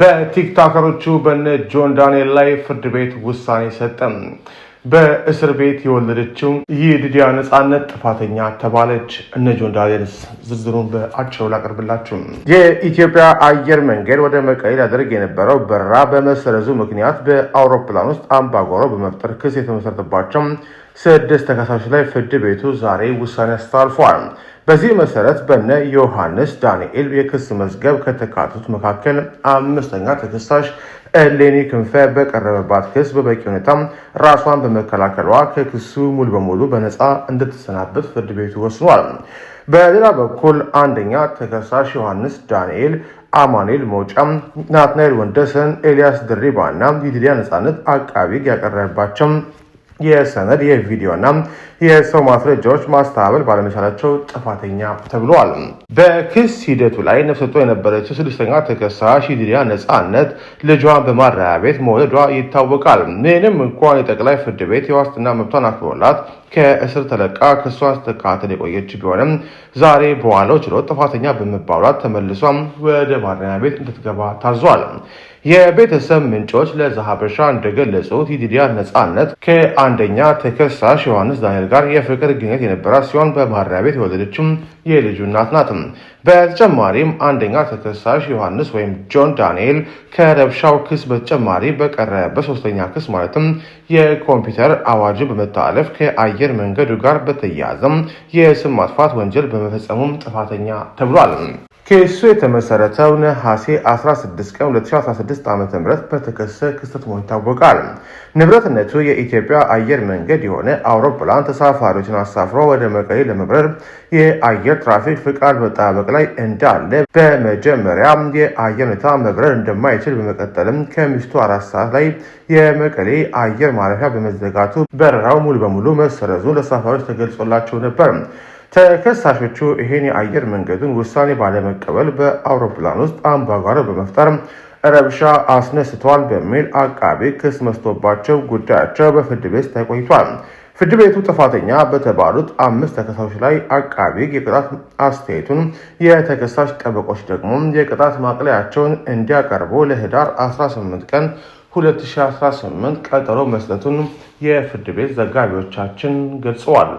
በቲክቶከሮቹ በነ ጆን ዳንኤል ላይ ፍርድ ቤት ውሳኔ ሰጠም። በእስር ቤት የወለደችው የድዲያ ነፃነት ጥፋተኛ ተባለች። እነ ጆን ዳንኤልስ ዝርዝሩን በአጭሩ ላቀርብላችሁ። የኢትዮጵያ አየር መንገድ ወደ መቀሌ ሊያደርግ የነበረው በረራ በመሰረዙ ምክንያት በአውሮፕላን ውስጥ አምባጓሮ በመፍጠር ክስ የተመሰረተባቸው ስድስት ተከሳሾች ላይ ፍርድ ቤቱ ዛሬ ውሳኔ አስተላልፏል። በዚህ መሰረት በነ ዮሐንስ ዳንኤል የክስ መዝገብ ከተካቱት መካከል አምስተኛ ተከሳሽ እሌኒ ክንፈ በቀረበባት ክስ በበቂ ሁኔታ ራሷን በመከላከሏ ከክሱ ሙሉ በሙሉ በነፃ እንድትሰናበት ፍርድ ቤቱ ወስኗል። በሌላ በኩል አንደኛ ተከሳሽ ዮሐንስ ዳንኤል አማኑኤል መውጫ፣ ናትናኤል ወንደሰን፣ ኤልያስ ድሪባ እና ይዲዲያ ነፃነት አቃቢ ያቀረበባቸው የሰነድ የቪዲዮ እና የሰው ማስረጃዎች ማስተባበል ባለመቻላቸው ጥፋተኛ ተብለዋል። በክስ ሂደቱ ላይ ነፍሰ የነበረችው ስድስተኛ ተከሳሽ ይዲሪያ ነፃነት ልጇን በማረያ ቤት መውለዷ ይታወቃል። ምንም እንኳን የጠቅላይ ፍርድ ቤት የዋስትና መብቷን አክብሮላት ከእስር ተለቃ ክሷን ስትከታተል የቆየች ቢሆንም ዛሬ በዋለው ችሎት ጥፋተኛ በመባሏት ተመልሷ ወደ ማረሚያ ቤት እንድትገባ ታዟል። የቤተሰብ ምንጮች ለዛሀበሻ እንደገለጹት ይዲዲያ ነፃነት ከአንደኛ ተከሳሽ ዮሐንስ ዳንኤል ጋር የፍቅር ግንኙነት የነበራት ሲሆን በማረሚያ ቤት የወለደችም የልጁ እናት ናት። በተጨማሪም አንደኛ ተከሳሽ ዮሐንስ ወይም ጆን ዳንኤል ከረብሻው ክስ በተጨማሪ በቀረ በሶስተኛ ክስ ማለትም የኮምፒውተር አዋጅ በመተላለፍ ከአየር መንገዱ ጋር በተያያዘም የስም ማጥፋት ወንጀል በመፈጸሙም ጥፋተኛ ተብሏል። ኬሱ የተመሰረተው ነሐሴ 16 ቀን 2016 ዓ ም በተከሰ ክስተት መሆኑ ይታወቃል። ንብረትነቱ የኢትዮጵያ አየር መንገድ የሆነ አውሮፕላን ተሳፋሪዎችን አሳፍሮ ወደ መቀሌ ለመብረር የአየር ትራፊክ ፍቃድ መጠባበቅ ላይ እንዳለ በመጀመሪያ የአየር ሁኔታ መብረር እንደማይችል በመቀጠልም ከምሽቱ አራት ሰዓት ላይ የመቀሌ አየር ማረፊያ በመዘጋቱ በረራው ሙሉ በሙሉ መሰረዙ ለተሳፋሪዎች ተገልጾላቸው ነበር። ተከሳሾቹ ይህን የአየር መንገዱን ውሳኔ ባለመቀበል በአውሮፕላን ውስጥ አምባጓሮ በመፍጠር ረብሻ አስነስተዋል በሚል አቃቢ ክስ መስቶባቸው ጉዳያቸው በፍርድ ቤት ተቆይቷል። ፍርድ ቤቱ ጥፋተኛ በተባሉት አምስት ተከሳሾች ላይ አቃቢ የቅጣት አስተያየቱን የተከሳሽ ጠበቆች ደግሞ የቅጣት ማቅለያቸውን እንዲያቀርቡ ለህዳር 18 ቀን 2018 ቀጠሮ መስጠቱን የፍርድ ቤት ዘጋቢዎቻችን ገልጸዋል።